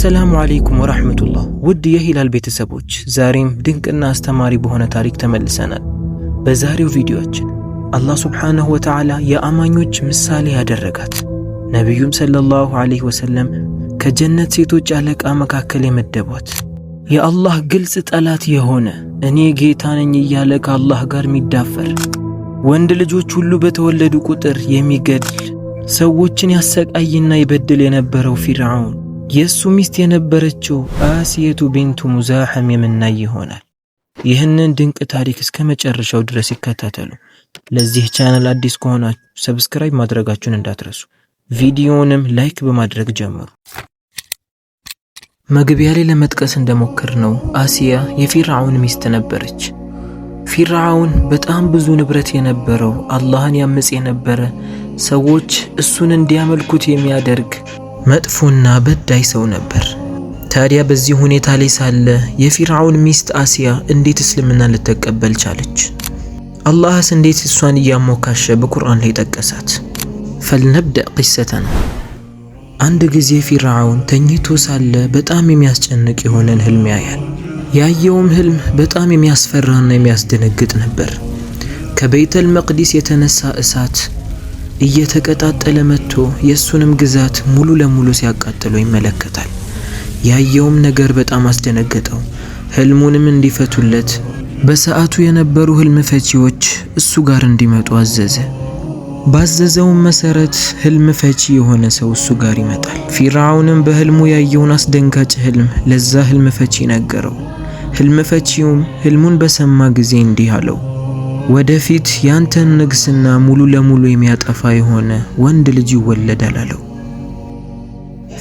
አሰላሙ አሌይኩም ወራህመቱላህ ውድ የሂላል ቤተሰቦች ዛሬም ድንቅና አስተማሪ በሆነ ታሪክ ተመልሰናል። በዛሬው ቪዲዮአችን አላህ ሱብሓነሁ ወተዓላ የአማኞች ምሳሌ ያደረጋት ነቢዩም ሰለላሁ ዐለይሂ ወሰለም ከጀነት ሴቶች አለቃ መካከል የመደቧት የአላህ ግልጽ ጠላት የሆነ እኔ ጌታ ነኝ እያለ ከአላህ ጋር የሚዳፈር ወንድ ልጆች ሁሉ በተወለዱ ቁጥር የሚገድል ሰዎችን ያሰቃይና ይበድል የነበረው ፊርዓውን የእሱ ሚስት የነበረችው አስየቱ ቢንቱ ሙዛሐም የምናይ ይሆናል። ይህንን ድንቅ ታሪክ እስከ መጨረሻው ድረስ ይከታተሉ። ለዚህ ቻናል አዲስ ከሆናችሁ ሰብስክራይብ ማድረጋችሁን እንዳትረሱ፣ ቪዲዮውንም ላይክ በማድረግ ጀምሩ። መግቢያ ላይ ለመጥቀስ እንደሞከር ነው አሲያ የፊርዓውን ሚስት ነበረች። ፊርዓውን በጣም ብዙ ንብረት የነበረው አላህን ያመፅ የነበረ ሰዎች እሱን እንዲያመልኩት የሚያደርግ መጥፎና በዳይ ሰው ነበር። ታዲያ በዚህ ሁኔታ ላይ ሳለ የፊርዓውን ሚስት አሲያ እንዴት እስልምናን ልትቀበል ቻለች? አላህስ እንዴት እሷን እያሞካሸ በቁርአን ላይ ጠቀሳት? ፈልነብደእ ቂሰተና። አንድ ጊዜ ፊርዓውን ተኝቶ ሳለ በጣም የሚያስጨንቅ የሆነን ህልም ያያል። ያየውም ህልም በጣም የሚያስፈራና የሚያስደነግጥ ነበር። ከቤተል መቅዲስ የተነሳ እሳት እየተቀጣጠለ መጥቶ የእሱንም ግዛት ሙሉ ለሙሉ ሲያቃጥለው ይመለከታል። ያየውም ነገር በጣም አስደነገጠው። ህልሙንም እንዲፈቱለት በሰዓቱ የነበሩ ህልም ፈቺዎች እሱ ጋር እንዲመጡ አዘዘ። ባዘዘውም መሰረት ህልም ፈቺ የሆነ ሰው እሱ ጋር ይመጣል። ፊርዓውንም በህልሙ ያየውን አስደንጋጭ ህልም ለዛ ህልም ፈቺ ነገረው። ህልም ፈቺውም ህልሙን በሰማ ጊዜ እንዲህ አለው ወደፊት ያንተን ንግስና ሙሉ ለሙሉ የሚያጠፋ የሆነ ወንድ ልጅ ይወለዳል አለው።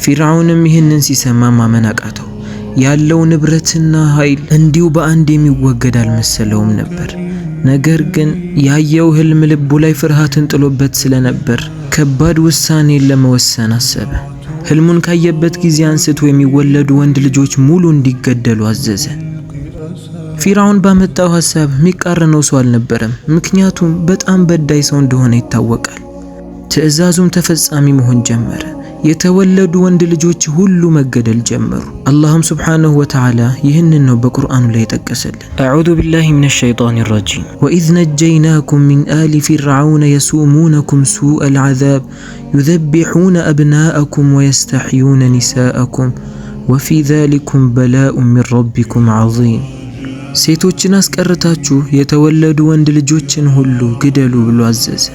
ፊርዓውንም ይህንን ሲሰማ ማመን አቃተው። ያለው ንብረትና ኃይል እንዲሁ በአንድ የሚወገድ አልመሰለውም ነበር። ነገር ግን ያየው ህልም ልቡ ላይ ፍርሃትን ጥሎበት ስለነበር ከባድ ውሳኔን ለመወሰን አሰበ። ህልሙን ካየበት ጊዜ አንስቶ የሚወለዱ ወንድ ልጆች ሙሉ እንዲገደሉ አዘዘ። ፊራውን ባመጣው ሀሳብ የሚቃረነው ሰው አልነበረም፣ ምክንያቱም በጣም በዳይ ሰው እንደሆነ ይታወቃል። ትዕዛዙም ተፈጻሚ መሆን ጀመረ። የተወለዱ ወንድ ልጆች ሁሉ መገደል ጀመሩ። አላህም ስብሓንሁ ወተዓላ ይህንን ነው በቁርአኑ ላይ የጠቀሰልን። አዑዙ ቢላሂ ሚነ ሸይጣን ረጂም ወኢዝ ነጀይናኩም ሚን አሊ ፊርዓውነ የሱሙነኩም ሱአል ዓዛብ ዩዘቢሑነ አብናአኩም ወየስተሕዩነ ኒሳአኩም ወፊ ዛሊኩም በላኡ ሚን ረቢኩም ዓዚም ሴቶችን አስቀርታችሁ የተወለዱ ወንድ ልጆችን ሁሉ ግደሉ ብሎ አዘዘ።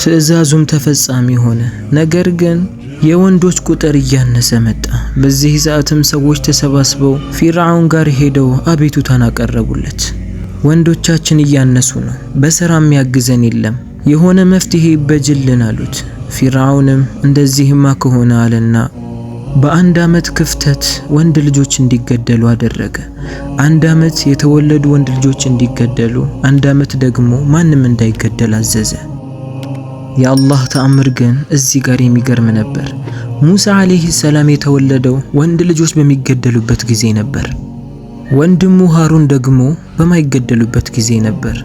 ትዕዛዙም ተፈጻሚ ሆነ። ነገር ግን የወንዶች ቁጥር እያነሰ መጣ። በዚህ ሰዓትም ሰዎች ተሰባስበው ፊርዓውን ጋር ሄደው አቤቱታን አቀረቡለት። ወንዶቻችን እያነሱ ነው፣ በስራ የሚያግዘን የለም፣ የሆነ መፍትሄ ይበጅልን አሉት። ፊርዓውንም እንደዚህማ ከሆነ አለና በአንድ ዓመት ክፍተት ወንድ ልጆች እንዲገደሉ አደረገ። አንድ ዓመት የተወለዱ ወንድ ልጆች እንዲገደሉ፣ አንድ ዓመት ደግሞ ማንም እንዳይገደል አዘዘ። የአላህ ተአምር ግን እዚህ ጋር የሚገርም ነበር። ሙሳ አለይሂ ሰላም የተወለደው ወንድ ልጆች በሚገደሉበት ጊዜ ነበር። ወንድሙ ሃሩን ደግሞ በማይገደሉበት ጊዜ ነበር።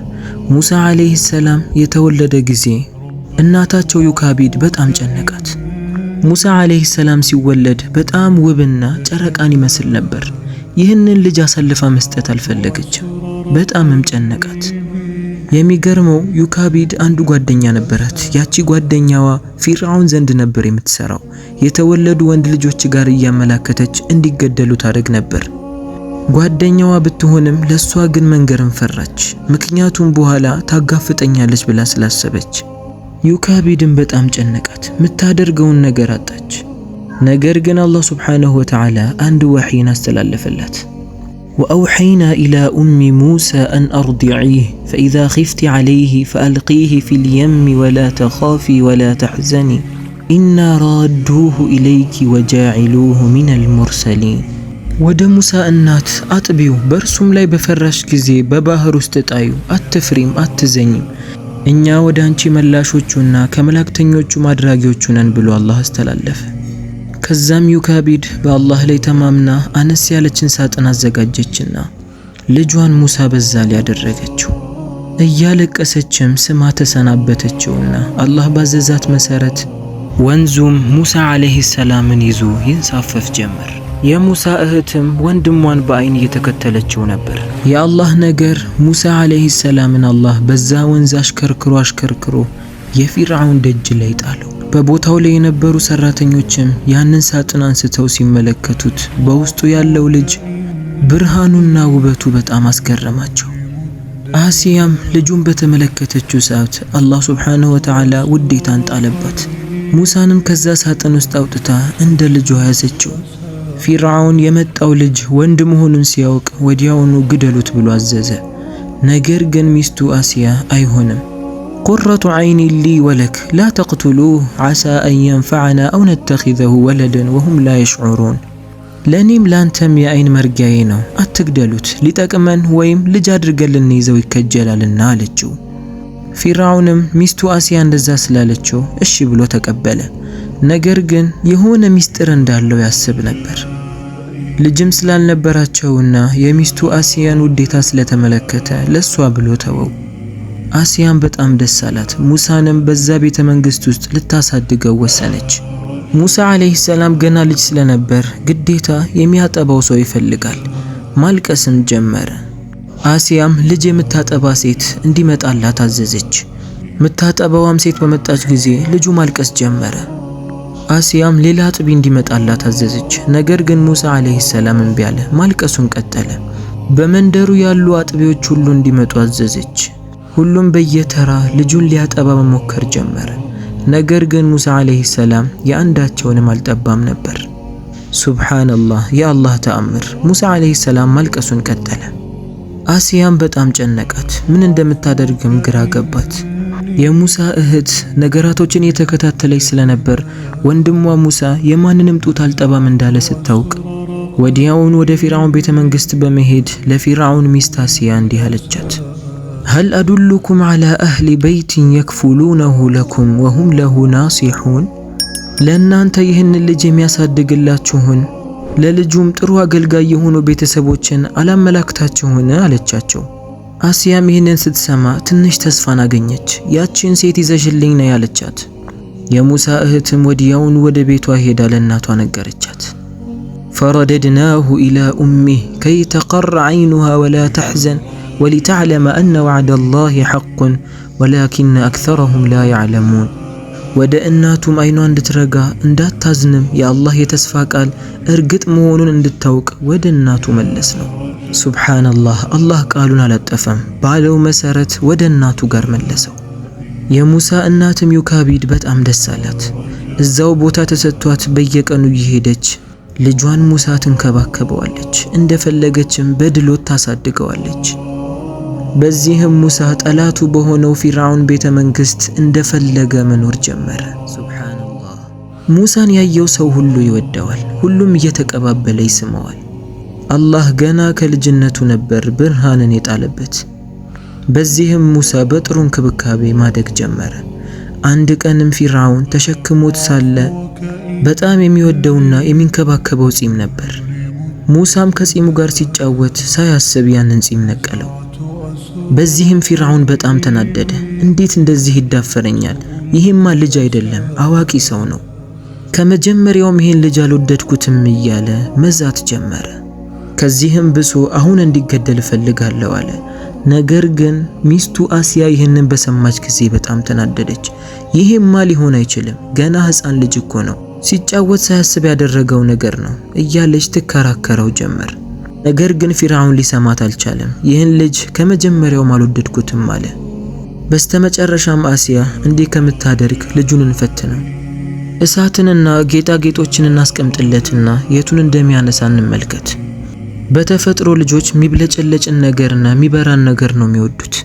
ሙሳ አለይሂ ሰላም የተወለደ ጊዜ እናታቸው ዩካቢድ በጣም ጨነቃት። ሙሳ አለይሂ ሰላም ሲወለድ በጣም ውብና ጨረቃን ይመስል ነበር። ይህንን ልጅ አሳልፋ መስጠት አልፈለገችም። በጣምም ጨነቃት። የሚገርመው ዩካቢድ አንዱ ጓደኛ ነበራት። ያቺ ጓደኛዋ ፊርዓውን ዘንድ ነበር የምትሰራው። የተወለዱ ወንድ ልጆች ጋር እያመላከተች እንዲገደሉ ታደግ ነበር። ጓደኛዋ ብትሆንም ለሷ ግን መንገርን ፈራች። ምክንያቱም በኋላ ታጋፍጠኛለች ብላ ስላሰበች ዩካቢድን በጣም ጨነቃት። የምታደርገውን ነገር አጣች። ነገር ግን አላህ ሱብሓነሁ ወተዓላ አንድ ወሕይን አስተላለፈላት። ወአውሐይና ኢላ ኡሚ ሙሳ አን አርዲዒህ ፈኢዛ ኺፍቲ ዐለይህ ፈአልቂህ ፊልየሚ ወላ ተኻፊ ወላ ተሕዘኒ ኢና ራዱሁ ኢለይኪ ወጃዒሉሁ ሚነል ሙርሰሊን። ወደ ሙሳ እናት አጥቢው፣ በእርሱም ላይ በፈራሽ ጊዜ በባህር ውስጥ ጣዩ። አትፍሪም፣ አትዘኝም እኛ ወደ አንቺ መላሾቹና ከመላእክተኞቹ ማድራጊዎቹ ነን ብሎ አላህ አስተላለፈ። ከዛም ዩካቢድ በአላህ ላይ ተማምና አነስ ያለችን ሳጥን አዘጋጀችና ልጇን ሙሳ በዛ ላይ ያደረገችው። እያለቀሰችም ስማ ተሰናበተችውና አላህ ባዘዛት መሰረት ወንዙም ሙሳ ዓለይሂ ሰላምን ይዞ ይንሳፈፍ ጀመር። የሙሳ እህትም ወንድሟን በአይን እየተከተለችው ነበር። የአላህ ነገር ሙሳ ዓለይህ ሰላምን አላህ በዛ ወንዝ አሽከርክሮ አሽከርክሮ የፊርዓውን ደጅ ላይ ጣለው። በቦታው ላይ የነበሩ ሰራተኞችም ያንን ሳጥን አንስተው ሲመለከቱት በውስጡ ያለው ልጅ ብርሃኑና ውበቱ በጣም አስገረማቸው። አሲያም ልጁን በተመለከተችው ሰዓት አላህ ሱብሓነሁ ወተዓላ ውዴታን ጣለባት። ሙሳንም ከዛ ሳጥን ውስጥ አውጥታ እንደ ልጇ ያዘችው። ፊርዓውን የመጣው ልጅ ወንድ መሆኑን ሲያውቅ ወዲያውኑ ግደሉት ብሎ አዘዘ። ነገር ግን ሚስቱ አሲያ አይሆንም፣ ቁረቱ ዐይኒ ሊ ወለክ ላ ተቅትሉህ ዓሳ አን የንፈዐና አው ነተኪዘሁ ወለደን ወሁም ላ የሽዑሩን ለእኔም ላንተም የአይን መርጊያዬ ነው፣ አትግደሉት፣ ሊጠቅመን ወይም ልጅ አድርገን ልንይዘው ይከጀላልና አለችው። ፊርዓውንም ሚስቱ አሲያ እንደዛ ስላለችው እሺ ብሎ ተቀበለ። ነገር ግን የሆነ ሚስጥር እንዳለው ያስብ ነበር። ልጅም ስላልነበራቸውና የሚስቱ አሲያን ውዴታ ስለተመለከተ ለሷ ብሎ ተወው። አሲያን በጣም ደስ አላት። ሙሳንም በዛ ቤተ መንግስት ውስጥ ልታሳድገው ወሰነች። ሙሳ አለይሂ ሰላም ገና ልጅ ስለነበር ግዴታ የሚያጠባው ሰው ይፈልጋል። ማልቀስም ጀመረ። አሲያም ልጅ የምታጠባ ሴት እንዲመጣላት አዘዘች። ምታጠባዋም ሴት በመጣች ጊዜ ልጁ ማልቀስ ጀመረ። አሲያም ሌላ አጥቢ እንዲመጣላት አዘዘች። ነገር ግን ሙሳ አለይሂ ሰላም እምቢ አለ፣ ማልቀሱን ቀጠለ። በመንደሩ ያሉ አጥቢዎች ሁሉ እንዲመጡ አዘዘች። ሁሉም በየተራ ልጁን ሊያጠባ መሞከር ጀመረ። ነገር ግን ሙሳ አለይሂ ሰላም የአንዳቸውንም አልጠባም ነበር። ሱብሓነላህ፣ የአላህ ተአምር! ሙሳ ዓለይሂ ሰላም ማልቀሱን ቀጠለ። አሲያም በጣም ጨነቃት። ምን እንደምታደርግም ግራ ገባት። የሙሳ እህት ነገራቶችን የተከታተለች ስለነበር ወንድሟ ሙሳ የማንንም ጡት አልጠባም እንዳለ ስታውቅ ወዲያውን ወደ ፊርዓውን ቤተ መንግሥት በመሄድ ለፊርዓውን ሚስት አሲያ እንዲህ አለቻት፣ ሀል አዱሉኩም ዐላ አህሊ በይትን የክፉሉነሁ ለኩም ወሁም ለሁ ናሲሑን። ለእናንተ ይህንን ልጅ የሚያሳድግላችሁን ለልጁም ጥሩ አገልጋይ የሆኑ ቤተሰቦችን አላመላክታችሁን? አለቻቸው። አስያም ይህንን ስትሰማ ትንሽ ተስፋን አገኘች። ያችን ሴት ይዘሽልኝ ነው ያለቻት። የሙሳ እህትም ወዲያውን ወደ ቤቷ ሄዳ ለእናቷ ነገረቻት። ፈረደድናሁ ኢላ ኡሚህ ከይ ተቀር ዐይኑሃ ወላ ተሕዘን ወሊተዕለመ አነ ወዕደ ላህ ሐቁን ወላኪነ አክተረሁም ላ ያዕለሙን። ወደ እናቱም አይኗ እንድትረጋ እንዳታዝንም የአላህ የተስፋ ቃል እርግጥ መሆኑን እንድታውቅ ወደ እናቱ መለስ ነው። ሱብሓነላህ አላህ ቃሉን አላጠፈም ባለው መሰረት ወደ እናቱ ጋር መለሰው። የሙሳ እናትም ዩካቢድ በጣም ደስ አላት። እዛው ቦታ ተሰጥቷት በየቀኑ እየሄደች ልጇን ሙሳ ትንከባከበዋለች፣ እንደፈለገችም በድሎት ታሳድገዋለች። በዚህም ሙሳ ጠላቱ በሆነው ፊርዓውን ቤተ መንግሥት እንደፈለገ መኖር ጀመረ። ሙሳን ያየው ሰው ሁሉ ይወደዋል፣ ሁሉም እየተቀባበለ ይስመዋል። አላህ ገና ከልጅነቱ ነበር ብርሃንን የጣለበት። በዚህም ሙሳ በጥሩ እንክብካቤ ማደግ ጀመረ። አንድ ቀንም ፊርዓውን ተሸክሞት ሳለ በጣም የሚወደውና የሚንከባከበው ፂም ነበር። ሙሳም ከፂሙ ጋር ሲጫወት ሳያስብ ያንን ፂም ነቀለው። በዚህም ፊርዓውን በጣም ተናደደ። እንዴት እንደዚህ ይዳፈረኛል? ይሄማ ልጅ አይደለም አዋቂ ሰው ነው። ከመጀመሪያውም ይሄን ልጅ አልወደድኩትም እያለ መዛት ጀመረ። ከዚህም ብሶ አሁን እንዲገደል እፈልጋለሁ አለ። ነገር ግን ሚስቱ አሲያ ይህንን በሰማች ጊዜ በጣም ተናደደች። ይሄማ ሊሆን አይችልም፣ ገና ሕፃን ልጅ እኮ ነው፣ ሲጫወት ሳያስብ ያደረገው ነገር ነው እያለች ትከራከረው ጀመር። ነገር ግን ፊርዓውን ሊሰማት አልቻለም። ይህን ልጅ ከመጀመሪያውም አልወደድኩትም አለ። በስተመጨረሻም አሲያ እንዲህ ከምታደርግ ልጁን እንፈትነው፣ እሳትንና ጌጣጌጦችን እናስቀምጥለትና የቱን እንደሚያነሳ እንመልከት በተፈጥሮ ልጆች የሚብለጨለጭን ነገርና የሚበራን ነገር ነው የሚወዱት።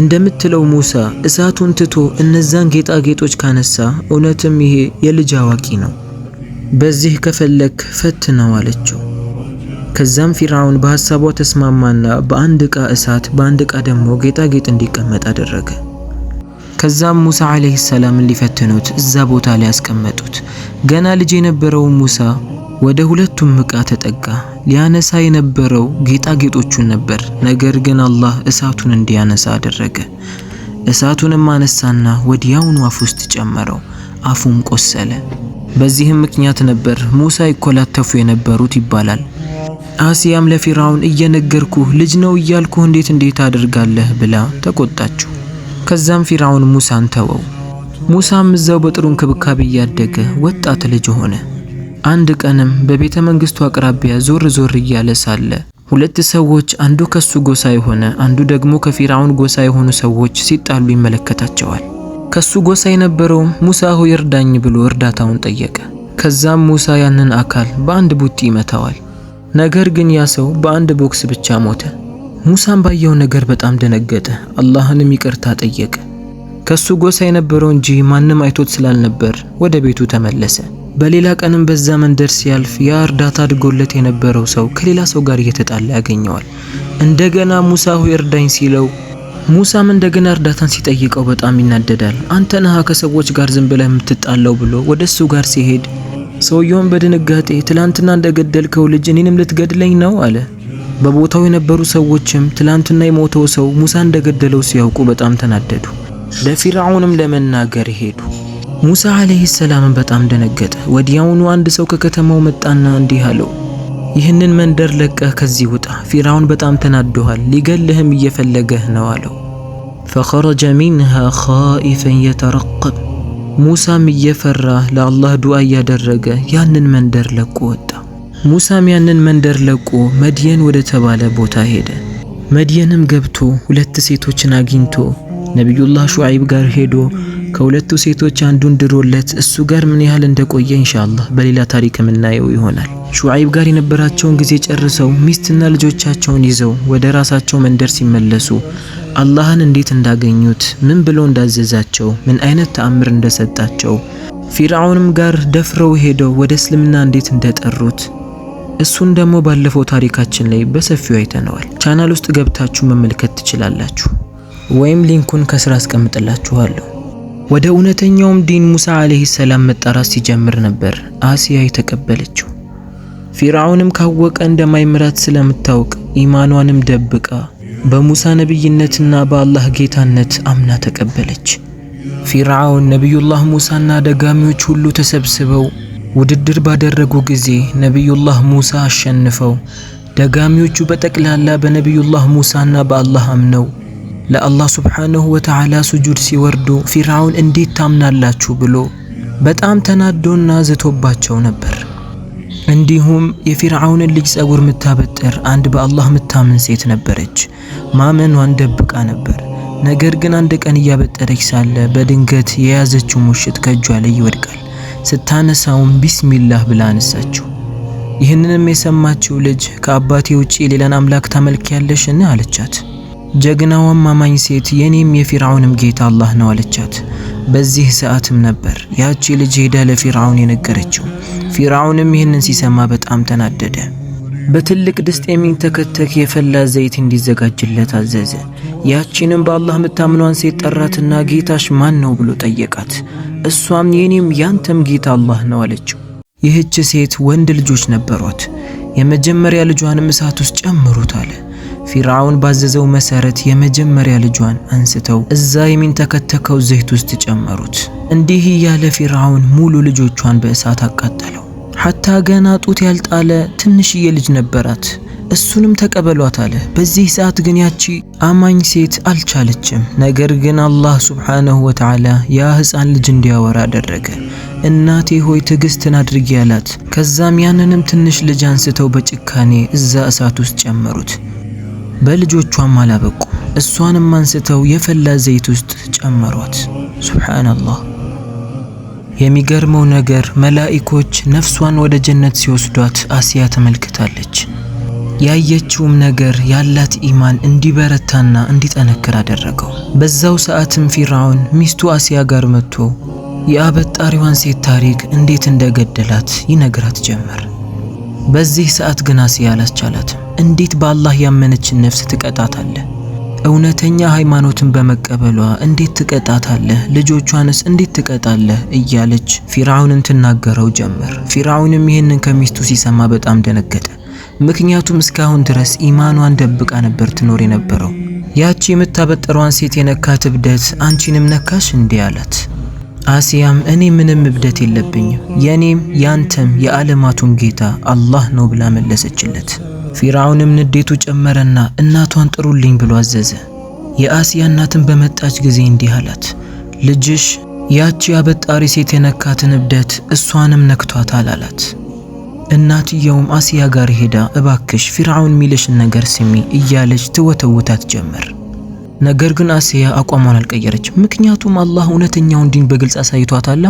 እንደምትለው ሙሳ እሳቱን ትቶ እነዛን ጌጣጌጦች ካነሳ እውነትም ይሄ የልጅ አዋቂ ነው። በዚህ ከፈለክ ፈትነው አለችው። ከዛም ፊርዓውን በሐሳቧ ተስማማና በአንድ ዕቃ እሳት በአንድ ዕቃ ደግሞ ጌጣጌጥ እንዲቀመጥ አደረገ። ከዛም ሙሳ ዓለይሂ ሰላምን ሊፈትኑት እዛ ቦታ ላይ ያስቀመጡት። ገና ልጅ የነበረው ሙሳ ወደ ሁለቱም ዕቃ ተጠጋ። ሊያነሳ የነበረው ጌጣጌጦቹን ነበር። ነገር ግን አላህ እሳቱን እንዲያነሳ አደረገ። እሳቱንም አነሳና ወዲያውኑ አፍ ውስጥ ጨመረው። አፉም ቆሰለ። በዚህም ምክንያት ነበር ሙሳ ይኮላተፉ የነበሩት ይባላል። አሲያም ለፊራውን እየነገርኩህ ልጅ ነው እያልኩህ እንዴት እንዴት አድርጋለህ ብላ ተቆጣችው። ከዛም ፊራውን ሙሳን ተወው። ሙሳም እዛው በጥሩ እንክብካቤ እያደገ ወጣት ልጅ ሆነ። አንድ ቀንም በቤተ መንግስቱ አቅራቢያ ዞር ዞር እያለ ሳለ ሁለት ሰዎች አንዱ ከሱ ጎሳ የሆነ አንዱ ደግሞ ከፊርዓውን ጎሳ የሆኑ ሰዎች ሲጣሉ ይመለከታቸዋል። ከሱ ጎሳ የነበረውም ሙሳ ሆይ እርዳኝ ብሎ እርዳታውን ጠየቀ። ከዛም ሙሳ ያንን አካል በአንድ ቡጢ ይመታዋል። ነገር ግን ያ ሰው በአንድ ቦክስ ብቻ ሞተ። ሙሳም ባየው ነገር በጣም ደነገጠ። አላህንም ይቅርታ ጠየቀ። ከሱ ጎሳ የነበረው እንጂ ማንም አይቶት ስላልነበር ወደ ቤቱ ተመለሰ። በሌላ ቀንም በዛ መንደር ሲያልፍ ያ እርዳታ አድጎለት የነበረው ሰው ከሌላ ሰው ጋር እየተጣላ ያገኘዋል። እንደገና ሙሳ ሆይ እርዳኝ ሲለው ሙሳም እንደገና እርዳታን ሲጠይቀው በጣም ይናደዳል። አንተ ነህ ከሰዎች ጋር ዝም ብለህ የምትጣላው ብሎ ወደ እሱ ጋር ሲሄድ ሰውየውን በድንጋጤ ትላንትና እንደገደልከው ልጅ እኔንም ልትገድለኝ ነው አለ። በቦታው የነበሩ ሰዎችም ትላንትና የሞተው ሰው ሙሳ እንደገደለው ሲያውቁ በጣም ተናደዱ። ለፊርዓውንም ለመናገር ሄዱ። ሙሳ አለይሂ ሰላምን በጣም ደነገጠ። ወዲያውኑ አንድ ሰው ከከተማው መጣና እንዲህ አለው፣ ይህንን መንደር ለቀህ ከዚህ ውጣ፣ ፊርዓውን በጣም ተናዶሃል፣ ሊገልህም እየፈለገህ ነው አለው። ፈኸረጀ ሚንሃ ኻኢፈን የተረቀብ ሙሳም እየፈራ ለአላህ ዱዓ እያደረገ ያንን መንደር ለቆ ወጣ። ሙሳም ያንን መንደር ለቆ መድየን ወደ ተባለ ቦታ ሄደ። መድየንም ገብቶ ሁለት ሴቶችን አግኝቶ ነቢዩላህ ሹዓይብ ጋር ሄዶ ከሁለቱ ሴቶች አንዱን ድሮለት እሱ ጋር ምን ያህል እንደቆየ ኢንሻአላህ በሌላ ታሪክ የምናየው ይሆናል። ሹዓይብ ጋር የነበራቸውን ጊዜ ጨርሰው ሚስትና ልጆቻቸውን ይዘው ወደ ራሳቸው መንደር ሲመለሱ አላህን እንዴት እንዳገኙት፣ ምን ብሎ እንዳዘዛቸው፣ ምን አይነት ተአምር እንደሰጣቸው፣ ፊርዓውንም ጋር ደፍረው ሄደው ወደ እስልምና እንዴት እንደጠሩት እሱን ደግሞ ባለፈው ታሪካችን ላይ በሰፊው አይተነዋል። ቻናል ውስጥ ገብታችሁ መመልከት ትችላላችሁ፣ ወይም ሊንኩን ከስራ አስቀምጥላችኋለሁ። ወደ እውነተኛውም ዲን ሙሳ አለይሂ ሰላም መጣራት ሲጀምር ነበር አሲያ የተቀበለችው። ፊርዓውንም ካወቀ እንደማይምራት ስለምታውቅ ኢማኗንም ደብቃ በሙሳ ነብይነትና በአላህ ጌታነት አምና ተቀበለች። ፊርዓውን ነብዩላህ ሙሳና ደጋሚዎች ሁሉ ተሰብስበው ውድድር ባደረጉ ጊዜ ነብዩላህ ሙሳ አሸንፈው ደጋሚዎቹ በጠቅላላ በነብዩላህ ሙሳና በአላህ አምነው ለአላህ ሱብሓነሁ ወተዓላ ሱጁድ ሲወርዱ ፊርዓውን እንዴት ታምናላችሁ ብሎ በጣም ተናዶና ዝቶባቸው ነበር። እንዲሁም የፊርዓውንን ልጅ ጸጉር ምታበጥር አንድ በአላህ ምታምን ሴት ነበረች። ማመኗን ደብቃ ነበር። ነገር ግን አንድ ቀን እያበጠረች ሳለ በድንገት የያዘችው ሙሽጥ ከእጇ ላይ ይወድቃል። ስታነሳውም ቢስሚላህ ብላ አነሳችው። ይህንንም የሰማችው ልጅ ከአባቴ ውጪ ሌላን አምላክ ታመልኪያለሽን? አለቻት። ጀግናዋም አማኝ ሴት የኔም የፊርዓውንም ጌታ አላህ ነው አለቻት። በዚህ ሰዓትም ነበር ያቺ ልጅ ሄዳ ለፊርዓውን የነገረችው። ፊርዓውንም ይህንን ሲሰማ በጣም ተናደደ። በትልቅ ድስት የሚንተከተክ የፈላ ዘይት እንዲዘጋጅለት አዘዘ። ያቺንም በአላህ የምታምኗን ሴት ጠራትና ጌታሽ ማን ነው ብሎ ጠየቃት። እሷም የኔም ያንተም ጌታ አላህ ነው አለችው። ይህች ሴት ወንድ ልጆች ነበሯት። የመጀመሪያ ልጇንም እሳት ውስጥ ጨምሩት አለ። ፊርዓውን ባዘዘው መሰረት የመጀመሪያ ልጇን አንስተው እዛ የሚንተከተከው ዘይት ውስጥ ጨመሩት። እንዲህ እያለ ፊርዓውን ሙሉ ልጆቿን በእሳት አቃጠለው። ሐታ ገና ጡት ያልጣለ ትንሽዬ ልጅ ነበራት። እሱንም ተቀበሏት አለ። በዚህ ሰዓት ግን ያቺ አማኝ ሴት አልቻለችም። ነገር ግን አላህ ሱብሓነሁ ወተዓላ ያ ሕፃን ልጅ እንዲያወራ አደረገ። እናቴ ሆይ ትዕግስትን አድርጊ ያላት። ከዛም ያንንም ትንሽ ልጅ አንስተው በጭካኔ እዛ እሳት ውስጥ ጨመሩት። በልጆቿም አላበቁ። እሷንም አንስተው የፈላ ዘይት ውስጥ ጨመሯት። ሱብሓነላህ። የሚገርመው ነገር መላኢኮች ነፍሷን ወደ ጀነት ሲወስዷት አሲያ ተመልክታለች። ያየችውም ነገር ያላት ኢማን እንዲበረታና እንዲጠነክር አደረገው። በዛው ሰዓትም ፊርዓውን ሚስቱ አሲያ ጋር መጥቶ የአበጣሪዋን ሴት ታሪክ እንዴት እንደገደላት ይነግራት ጀመር። በዚህ ሰዓት ግን አሲያ አላስቻላትም። እንዴት በአላህ ያመነችን ነፍስ ትቀጣታለህ? እውነተኛ ሃይማኖትን በመቀበሏ እንዴት ትቀጣታለህ? ልጆቿንስ እንዴት ትቀጣለህ? እያለች ፊርዓውንን ትናገረው ጀመር። ፊርዓውንም ይህንን ከሚስቱ ሲሰማ በጣም ደነገጠ። ምክንያቱም እስካሁን ድረስ ኢማኗን ደብቃ ነበር ትኖር የነበረው። ያቺ የምታበጠሯን ሴት የነካት እብደት አንቺንም ነካሽ እንዲህ አላት። አሲያም እኔ ምንም እብደት የለብኝም የእኔም ያንተም የዓለማቱም ጌታ አላህ ነው ብላ መለሰችለት። ፊርዓውንም ንዴቱ ጨመረና እናቷን ጥሩልኝ ብሎ አዘዘ። የአሲያ እናትን በመጣች ጊዜ እንዲህ አላት፣ ልጅሽ ያቺ አበጣሪ ሴት የነካትን እብደት እሷንም ነክቷታል አላት። እናትየውም አሲያ ጋር ሄዳ እባክሽ ፊርዓውን ሚልሽን ነገር ስሚ እያለች ትወተውታት ጀመር። ነገር ግን አሲያ አቋሟን አልቀየረች። ምክንያቱም አላህ እውነተኛውን ዲን በግልጽ አሳይቷታላ።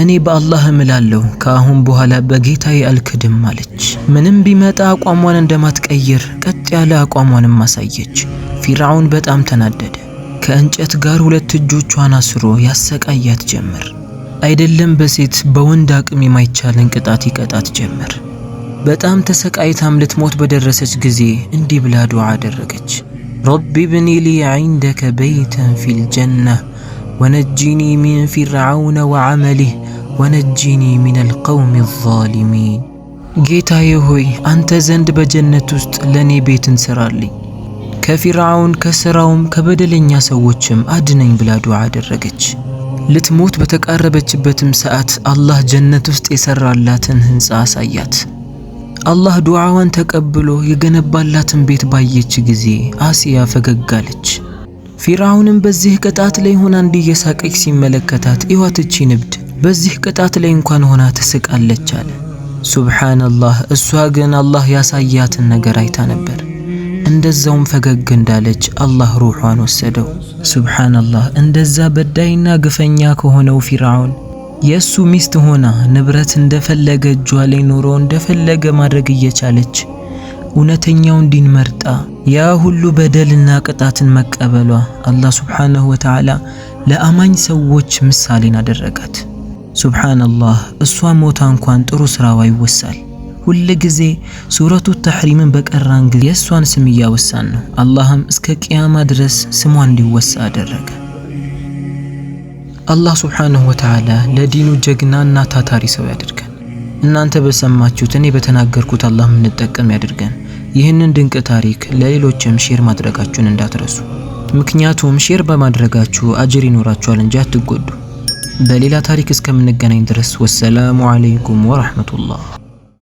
እኔ በአላህ እምላለሁ ከአሁን በኋላ በጌታዬ አልክድም አለች። ምንም ቢመጣ አቋሟን እንደማትቀይር ቀጥ ያለ አቋሟንም አሳየች። ፊርዓውን በጣም ተናደደ። ከእንጨት ጋር ሁለት እጆቿን አስሮ ያሰቃያት ጀመር። አይደለም በሴት በወንድ አቅም የማይቻልን ቅጣት ይቀጣት ጀመር። በጣም ተሰቃይታም ልትሞት በደረሰች ጊዜ እንዲህ ብላ ዱዓ አደረገች። ረቢ ብኒ ሊ ዒንደከ በይተን ፊልጀና ወነጂኒ ሚን ፊርዓውነ ወዓመሊህ ወነጂኒ ሚነል ቀውሚ ዛሊሚን። ጌታዬ ሆይ አንተ ዘንድ በጀነት ውስጥ ለእኔ ቤት እንሰራልኝ ከፊርዓውን ከሥራውም ከበደለኛ ሰዎችም አድነኝ ብላ ዱዓ አደረገች። ልትሞት በተቃረበችበትም ሰዓት አላህ ጀነት ውስጥ የሰራላትን ሕንፃ አሳያት። አላህ ዱዓዋን ተቀብሎ የገነባላትን ቤት ባየች ጊዜ አሲያ ፈገግ አለች። ፊርዓውንም በዚህ ቅጣት ላይ ሆና እንዲህ እየሳቀች ሲመለከታት፣ ይዋትቺ ንብድ በዚህ ቅጣት ላይ እንኳን ሆና ትስቃለች አለ። ሱብሓነላህ። እሷ ግን አላህ ያሳያትን ነገር አይታ ነበር። እንደዛውም ፈገግ እንዳለች አላህ ሩሑን ወሰደው። ሱብሓነላህ። እንደዛ በዳይና ግፈኛ ከሆነው ፊርዓውን የእሱ ሚስት ሆና ንብረት እንደፈለገ እጇ ላይ ኖሮ እንደፈለገ ማድረግ እየቻለች እውነተኛውን ዲን መርጣ ያ ሁሉ በደልና ቅጣትን መቀበሏ አላህ ሱብሓነሁ ወተዓላ ለአማኝ ሰዎች ምሳሌን አደረጋት። ሱብሓነላህ እሷ ሞታ እንኳን ጥሩ ስራዋ ይወሳል። ሁል ጊዜ ሱረቱ ተሕሪምን በቀራን ጊዜ የእሷን ስም እያወሳን ነው። አላህም እስከ ቅያማ ድረስ ስሟ እንዲወሳ አደረገ። አላህ ሱብሓነሁ ወተዓላ ለዲኑ ጀግናና ታታሪ ሰው ያድርገን። እናንተ በሰማችሁት እኔ በተናገርኩት አላህ የምንጠቀም ያድርገን። ይህንን ድንቅ ታሪክ ለሌሎችም ሼር ማድረጋችሁን እንዳትረሱ። ምክንያቱም ሼር በማድረጋችሁ አጅር ይኖራችኋል እንጂ አትጎዱ። بليلة تاريك اسكا من الجنين درس والسلام عليكم ورحمة الله